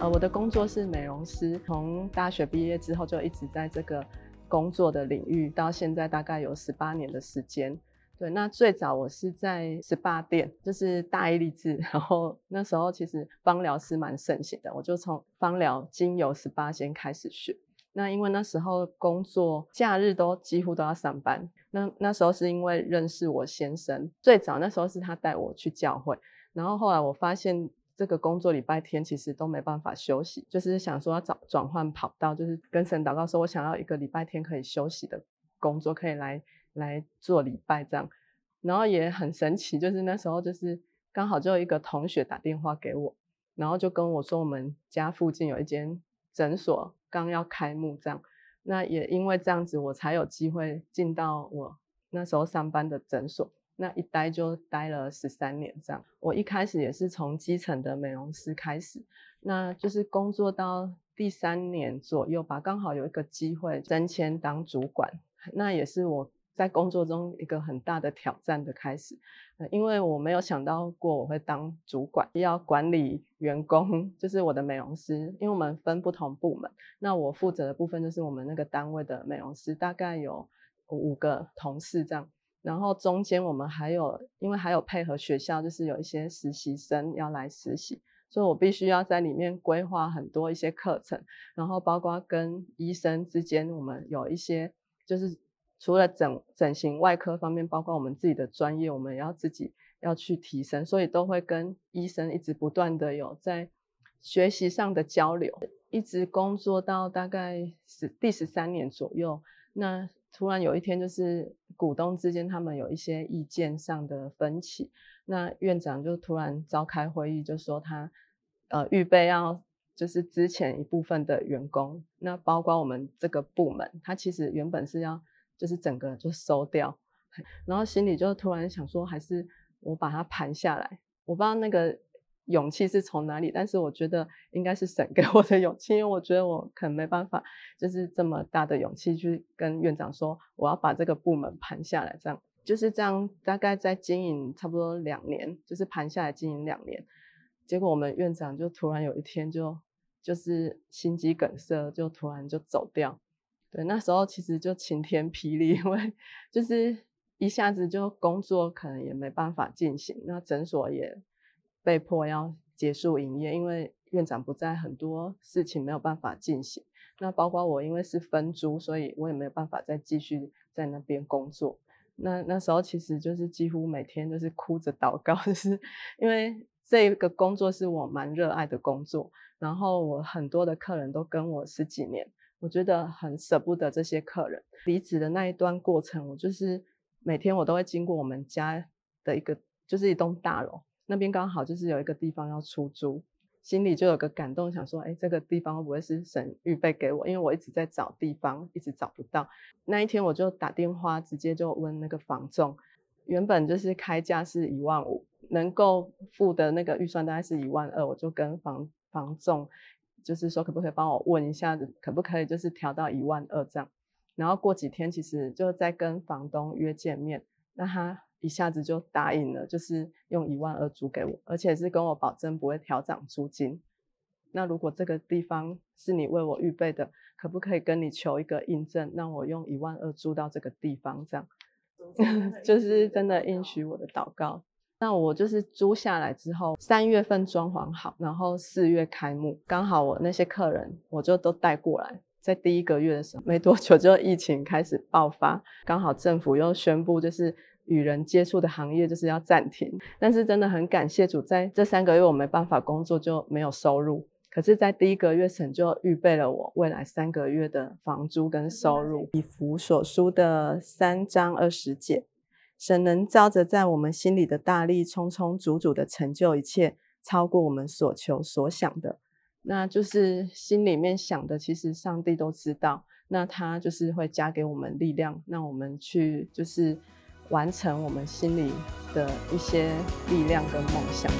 呃，我的工作是美容師，從大學畢業之後就一直在這個工作的領域，到現在大概有十八年的時間。對，那最早我是在 SPA 店，就是大一立志。然後那時候其實芳療師蠻盛行的，我就從芳療精油 SPA 先開始學。那因為那時候工作假日都幾乎都要上班，那那時候是因為認識我先生，最早那時候是他帶我去教會，然後後來我發現。這個工作禮拜天其實都沒辦法休息，就是想說要轉換跑道，就是跟神禱告說，我想要一個禮拜天可以休息的工作，可以來來做禮拜這樣。然後也很神奇，就是那時候就是剛好就有一個同學打電話給我，然後就跟我說，我們家附近有一間診所剛要開幕這樣。那也因為這樣子，我才有機會進到我那時候上班的診所。那一待就待了十三年，這樣。我一開始也是從基層的美容師開始，那就是工作到第三年左右吧，剛好有一個機會升遷當主管，那也是我在工作中一個很大的挑戰的開始，呃，因為我沒有想到過我會當主管，要管理員工，就是我的美容師，因為我們分不同部門，那我負責的部分就是我們那個單位的美容師，大概有五個同事這樣。然後中間我們還有，因為還有配合學校，就是有一些實習生要來實習，所以我必須要在裡面規劃很多一些課程，然後包括跟醫生之間，我們有一些就是除了整整形外科方面，包括我們自己的專業，我們也要自己要去提升，所以都會跟醫生一直不斷的有在學習上的交流，一直工作到大概十第十三年左右，那。突然有一天，就是股東之間他們有一些意見上的分歧，那院長就突然召開會議，就說他，呃，預備要就是資遣一部分的員工，那包括我們這個部門，他其實原本是要就是整個就收掉，然後心裡就突然想說，還是我把它盤下來，我不知道那個。勇氣是從哪裡？但是我覺得應該是神給我的勇氣，因為我覺得我可能沒辦法，就是這麼大的勇氣去跟院長說我要把這個部門盤下來，這樣就是這樣，大概在經營差不多兩年，就是盤下來經營兩年，結果我們院長就突然有一天就就是心肌梗塞，就突然就走掉。對，那時候其實就晴天霹靂，因為就是一下子就工作可能也沒辦法進行，那診所也。被迫要結束營業，因為院長不在，很多事情沒有辦法進行。那包括我，因為是分租，所以我也沒有辦法再繼續在那邊工作。那那時候其實就是幾乎每天都是哭着禱告，就是因為這個工作是我蠻熱愛的工作。然後我很多的客人都跟我十幾年，我覺得很捨不得這些客人離職的那一段過程。我就是每天我都會經過我們家的一個，就是一棟大樓。那邊剛好就是有一個地方要出租，心裡就有個感動，想說，哎、欸，這個地方會不會是神預備給我？因為我一直在找地方，一直找不到。那一天我就打電話，直接就問那個房仲，原本就是開價是一萬五，能夠付的那個預算大概是一萬二，我就跟房房仲就是說，可不可以幫我問一下子，可不可以就是調到一萬二這樣？然後過幾天其實就再跟房東約見面，那他。一下子就答應了，就是用一萬二租給我，而且是跟我保證不會調漲租金。那如果這個地方是你為我預備的，可不可以跟你求一個印證，讓我用一萬二租到這個地方？這樣、嗯、 就是真的應許我的禱告。那我就是租下來之後，三月份裝潢好，然後四月開幕，剛好我那些客人我就都帶過來。在第一個月的時候，沒多久就疫情開始爆發，剛好政府又宣布就是。與人接觸的行業就是要暫停，但是真的很感謝主，在這三個月我沒辦法工作就沒有收入，可是，在第一個月神就預備了我未來三個月的房租跟收入。嗯、以弗所書的三章二十節，神能照着在我們心裡的大力，充充足足足地成就一切，超過我們所求所想的。那就是心裡面想的，其實上帝都知道，那他就是會加給我們力量，讓我們去就是。完成我們心裡的一些力量跟夢想。